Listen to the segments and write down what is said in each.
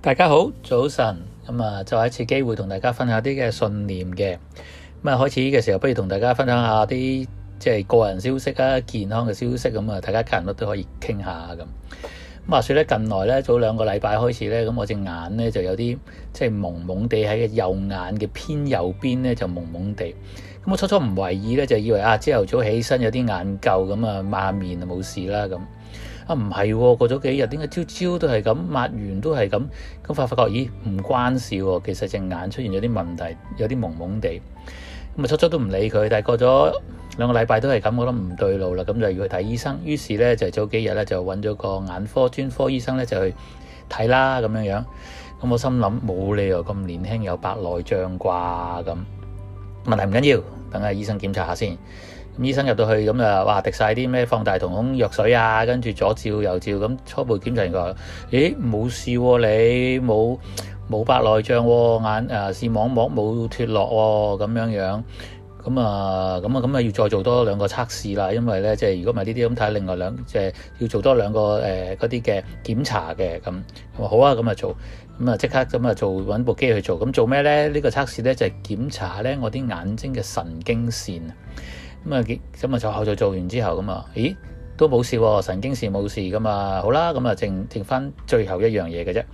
大家好，早晨咁啊，就一次機會同大家分享啲嘅信念嘅咁啊。開始嘅時候，不如同大家分享下啲即係個人消息啊，健康嘅消息咁啊。大家家人都可以傾下咁。咁話說咧，近來咧早兩個禮拜開始咧，咁我隻眼咧就有啲即係蒙蒙地喺右眼嘅偏右邊咧就蒙蒙地。咁我初初唔為意咧，就以為啊，朝頭早起身有啲眼垢咁啊，抹下面就冇事啦咁。啊，唔係喎，過咗幾日，點解朝朝都係咁抹完都係咁？咁發發覺，咦，唔關事喎、啊，其實隻眼出現咗啲問題，有啲朦朦地。咁啊，初初都唔理佢，但係過咗兩個禮拜都係咁，我諗唔對路啦，咁就要去睇醫生。於是咧，就是、早幾日咧就揾咗個眼科專科醫生咧就去睇啦，咁樣樣。咁我心諗冇理由咁年輕有白內障啩？咁問題唔緊要，等下醫生檢查下先。醫生入到去咁啊，哇！滴晒啲咩放大瞳孔藥水啊，跟住左照右照咁，初步檢查完佢，咦，冇事喎、啊，你冇冇白內障喎、啊，眼誒、啊、視網膜冇脱落喎，咁樣樣咁啊，咁啊，咁啊要再做多兩個測試啦，因為咧即係如果唔係呢啲咁睇下另外兩即係、就是、要做多兩個誒嗰啲嘅檢查嘅咁。咁好啊，咁啊做咁啊即刻咁啊做揾部機去做咁做咩咧？呢、這個測試咧就係、是、檢查咧我啲眼睛嘅神經線。咁啊，咁啊，就後就做完之後咁啊，咦，都冇事喎、哦，神經線冇事噶嘛，好啦，咁啊，剩剩返最後一樣嘢嘅啫，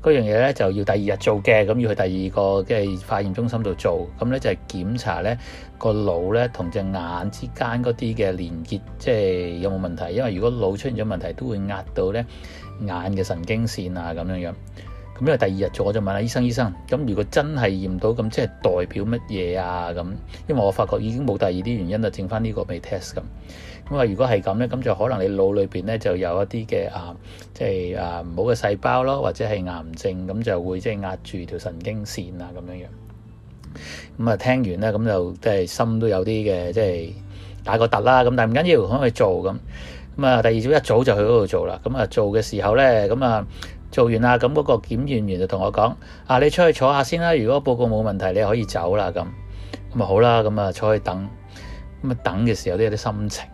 嗰樣嘢呢就要第二日做嘅，咁要去第二個即係化驗中心度做，咁呢就係檢查呢個腦呢同隻眼之間嗰啲嘅連結，即係有冇問題，因為如果腦出現咗問題，都會壓到呢眼嘅神經線啊咁樣樣。因為第二日做我就問啦，醫生，醫生，咁如果真係驗到咁，即係代表乜嘢啊？咁，因為我發覺已經冇第二啲原因啦，剩翻呢個未 test 咁。咁啊，如果係咁咧，咁就可能你腦裏邊咧就有一啲嘅啊，即係啊，唔好嘅細胞咯，或者係癌症，咁就會即係壓住條神經線啊咁樣樣。咁啊，聽完咧，咁就即係心都有啲嘅，即係打個突啦。咁但係唔緊要，可以做咁。咁啊，第二早一早就去嗰度做啦。咁啊，做嘅時候咧，咁啊。做完啦，咁嗰個檢驗員就同我講：啊，你出去坐下先啦。如果報告冇問題，你可以走啦。咁咁啊好啦，咁啊坐去等，咁啊等嘅時候都有啲心情。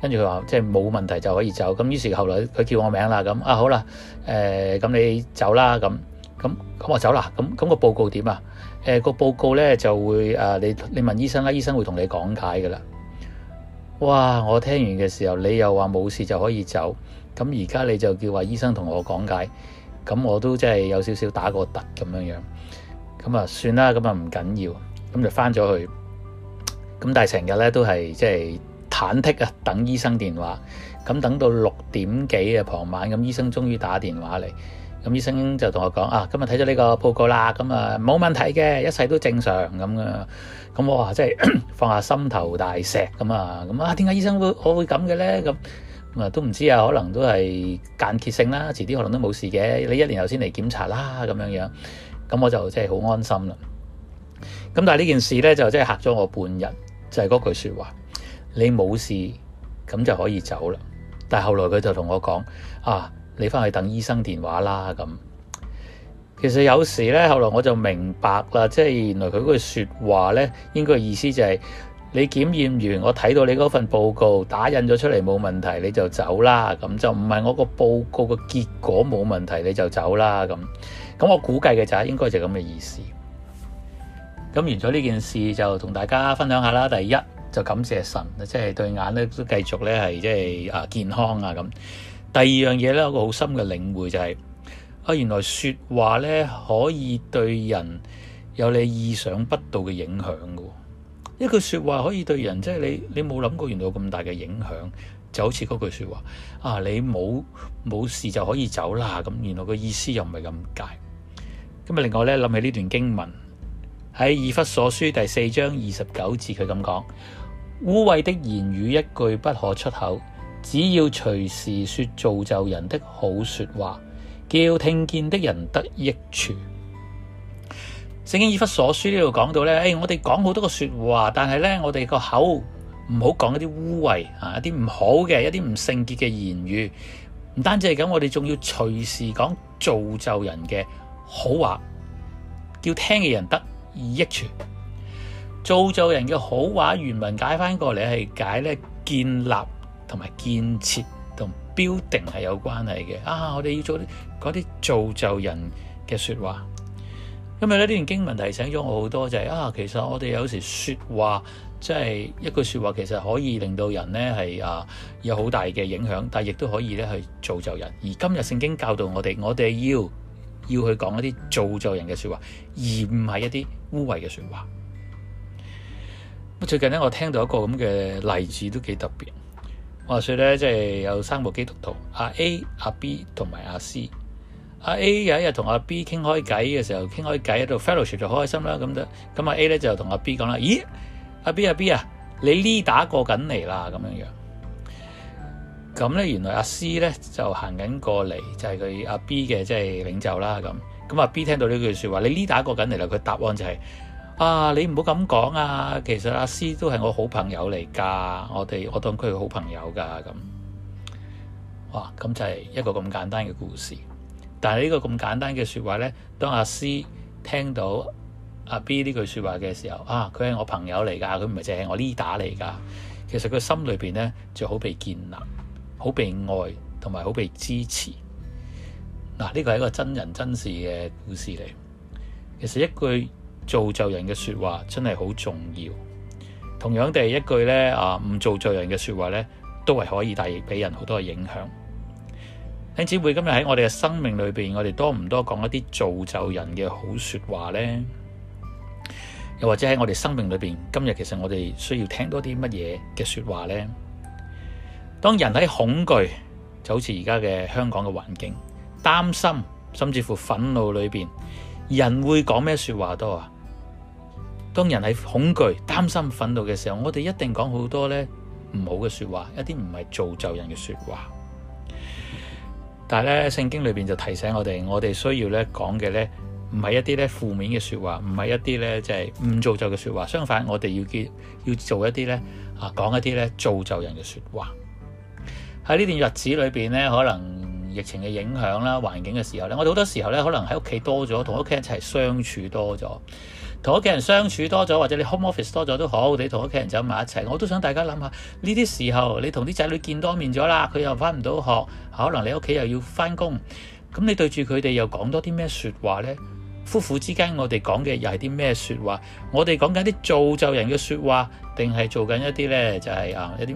跟住佢話即係冇問題就可以走。咁於是後來佢叫我名啦，咁啊好啦，誒、欸、咁你走啦。咁咁咁我走啦。咁咁個報告點啊？誒、欸、個報告咧就會啊，你你問醫生啦，醫生會同你講解㗎啦。哇！我聽完嘅時候，你又話冇事就可以走，咁而家你就叫話醫生同我講解，咁我都真係有少少打個突咁樣樣，咁啊算啦，咁啊唔緊要，咁就翻咗去。咁但係成日咧都係即係忐忑啊，等醫生電話。咁等到六點幾啊，傍晚咁醫生終於打電話嚟。咁醫生就同我講啊，今日睇咗呢個報告啦，咁啊冇問題嘅，一切都正常咁樣。咁我話即係放下心頭大石咁啊。咁啊，點解醫生會我會咁嘅咧？咁啊都唔知啊，可能都係間歇性啦，遲啲可能都冇事嘅。你一年後先嚟檢查啦咁樣樣。咁我就即係好安心啦。咁但係呢件事咧就即係嚇咗我半日，就係嗰句説話，你冇事咁就可以走啦。但係後來佢就同我講啊。你翻去等醫生電話啦咁。其實有時咧，後來我就明白啦，即係原來佢嗰句說話咧，應該意思就係、是、你檢驗完，我睇到你嗰份報告，打印咗出嚟冇問題，你就走啦。咁就唔係我個報告嘅結果冇問題，你就走啦。咁咁我估計嘅就係應該就咁嘅意思。咁完咗呢件事就同大家分享下啦。第一就感謝神，即係對眼咧都繼續咧係即係啊健康啊咁。第二樣嘢咧，有個好深嘅領會就係、是、啊，原來說話咧可以對人有你意想不到嘅影響噶。一句說話可以對人，即係你你冇諗過原來有咁大嘅影響，就好似嗰句說話啊，你冇冇事就可以走啦咁、啊。原來意個意思又唔係咁解。咁啊，另外咧諗起呢段經文喺《以弗所書》第四章二十九節，佢咁講：污穢的言語一句不可出口。只要隨時說造就人的好說話，叫聽見的人得益處。聖經以弗所書呢度講到呢，誒、哎，我哋講好多個說話，但係呢，我哋個口唔好講一啲污穢啊，一啲唔好嘅，一啲唔聖潔嘅言語。唔單止係咁，我哋仲要隨時講造就人嘅好話，叫聽嘅人得益處。造就人嘅好話原文解翻過嚟係解咧建立。同埋建設同標定係有關係嘅啊！我哋要做啲啲造就人嘅説話。今日咧，呢段經文提醒咗我好多，就係啊，其實我哋有時説話，即係一句説話，其實可以令到人呢係啊有好大嘅影響，但亦都可以咧去造就人。而今日聖經教導我哋，我哋要要去講一啲造就人嘅説話，而唔係一啲污穢嘅説話。咁最近呢，我聽到一個咁嘅例子都幾特別。話說咧，即係、就是、有三部基督徒，阿、啊、A、啊、阿 B 同埋阿 C、啊。阿 A 有一日同阿 B 傾開偈嘅時候，傾開偈喺度 fellowship 就好開心啦，咁樣。咁、啊、阿 A 咧就同阿、啊、B 講啦：，咦，阿、啊、B 阿、啊、B 啊，你 leader 過緊嚟啦，咁樣樣。咁咧，原來阿、啊、C 咧就行緊過嚟，就係佢阿 B 嘅即係領袖啦。咁，咁、啊、阿 B 聽到呢句説話，你 leader 過緊嚟啦，佢答案就係、是。啊！你唔好咁講啊！其實阿 C 都係我好朋友嚟噶，我哋我當佢好朋友噶咁。哇！咁就係一個咁簡單嘅故事。但係呢個咁簡單嘅説話咧，當阿 C 聽到阿 B 呢句説話嘅時候，啊，佢係我朋友嚟噶，佢唔係淨係我 leader 嚟噶。其實佢心裏邊咧就好被建立、好被愛同埋好被支持。嗱、啊，呢個係一個真人真事嘅故事嚟。其實一句造就人嘅説話真係好重要，同樣地一句咧啊，唔造就人嘅説話咧都係可以，但亦俾人好多嘅影響。弟兄姊妹今日喺我哋嘅生命裏邊，我哋多唔多講一啲造就人嘅好説話呢？又或者喺我哋生命裏邊，今日其實我哋需要聽多啲乜嘢嘅説話呢？當人喺恐懼，就好似而家嘅香港嘅環境，擔心甚至乎憤怒裏邊，人會講咩説話多啊？當人喺恐懼、擔心、憤怒嘅時候，我哋一定講好多呢唔好嘅説話，一啲唔係造就人嘅説話。但係呢聖經裏邊就提醒我哋，我哋需要呢講嘅呢唔係一啲呢負面嘅説話，唔係一啲呢就係唔造就嘅説話。相反，我哋要結要做一啲呢啊，講一啲呢造就人嘅説話。喺呢段日子裏邊呢，可能疫情嘅影響啦、環境嘅時候呢，我哋好多時候呢可能喺屋企多咗，同屋企人一齊相處多咗。同屋企人相處多咗，或者你 home office 多咗都好。你同屋企人走埋一齊，我都想大家諗下呢啲時候，你同啲仔女見多面咗啦，佢又翻唔到學，可能你屋企又要翻工，咁你對住佢哋又講多啲咩説話呢？夫婦之間我哋講嘅又係啲咩説話？我哋講緊啲造就人嘅説話，定係做緊一啲呢？就係啊一啲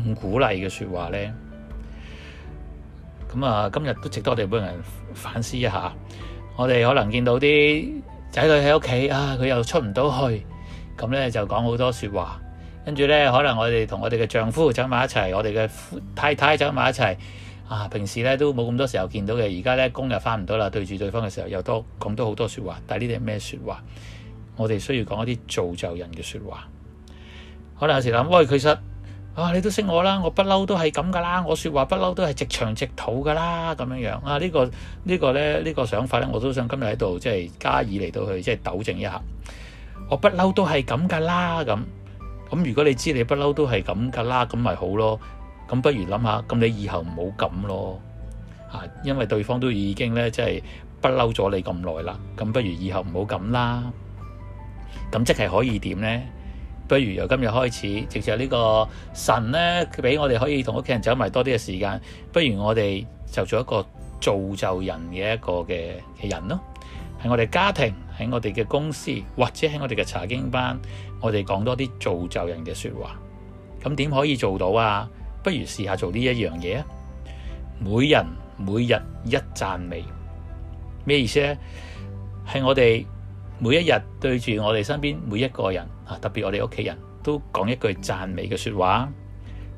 唔鼓勵嘅説話呢。咁啊，今日都值得我哋本人反思一下。我哋可能見到啲仔女喺屋企啊，佢又出唔到去，咁咧就講好多説話，跟住咧可能我哋同我哋嘅丈夫走埋一齊，我哋嘅太太走埋一齊，啊平時咧都冇咁多時候見到嘅，而家咧工又返唔到啦，對住對方嘅時候又多講多好多説話，但係呢啲係咩説話？我哋需要講一啲造就人嘅説話，可能有時諗喂其實。啊！你都識我啦，我不嬲都係咁㗎啦，我説話不嬲都係直腸直肚㗎啦，咁樣樣啊！呢個呢個呢，呢個想法呢，我都想今日喺度即係加以嚟到去即係糾正一下。我不嬲都係咁㗎啦，咁咁如果你知你不嬲都係咁㗎啦，咁咪好咯。咁不如諗下，咁你以後唔好咁咯。啊，因為對方都已經呢即係不嬲咗你咁耐啦，咁不如以後唔好咁啦。咁即係可以點呢？不如由今日開始，直接呢個神呢，俾我哋可以同屋企人走埋多啲嘅時間。不如我哋就做一個造就人嘅一個嘅嘅人咯。喺我哋家庭，喺我哋嘅公司，或者喺我哋嘅查經班，我哋講多啲造就人嘅説話。咁點可以做到啊？不如試下做呢一樣嘢啊！每人每日一讚美，咩意思咧？係我哋，每一日對住我哋身邊每一個人啊，特別我哋屋企人，都講一句讚美嘅説話。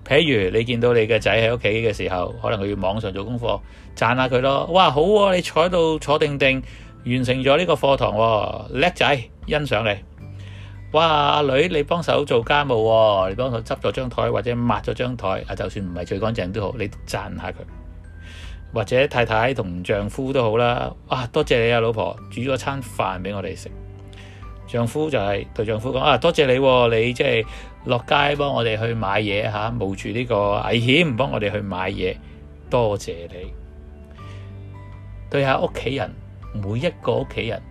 譬如你見到你嘅仔喺屋企嘅時候，可能佢要網上做功課，讚下佢咯。哇，好喎，你坐喺度坐定定，完成咗呢個課堂喎，叻仔，欣賞你。哇，阿女你幫手做家務喎，你幫手執咗張台或者抹咗張台，啊，就算唔係最乾淨都好，你讚下佢。或者太太同丈夫都好啦，啊，多謝你啊老婆，煮咗餐飯俾我哋食。丈夫就係對丈夫講，啊，多謝你，啊，你即係落街幫我哋去買嘢吓，啊，冒住呢個危險幫我哋去買嘢，多謝你。對下屋企人，每一個屋企人，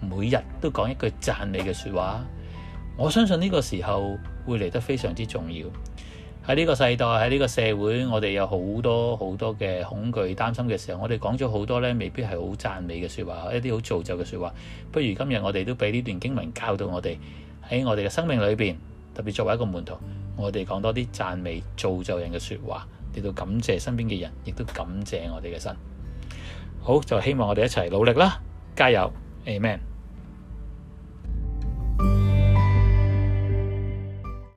每日都講一句讚你嘅説話，我相信呢個時候會嚟得非常之重要。喺呢個世代，喺呢個社會，我哋有好多好多嘅恐懼、擔心嘅時候，我哋講咗好多咧，未必係好讚美嘅說話，一啲好造就嘅說話。不如今日我哋都俾呢段經文教到我哋喺我哋嘅生命裏邊，特別作為一個門徒，我哋講多啲讚美造就人嘅說話，令到感謝身邊嘅人，亦都感謝我哋嘅神。好，就希望我哋一齊努力啦，加油，Amen。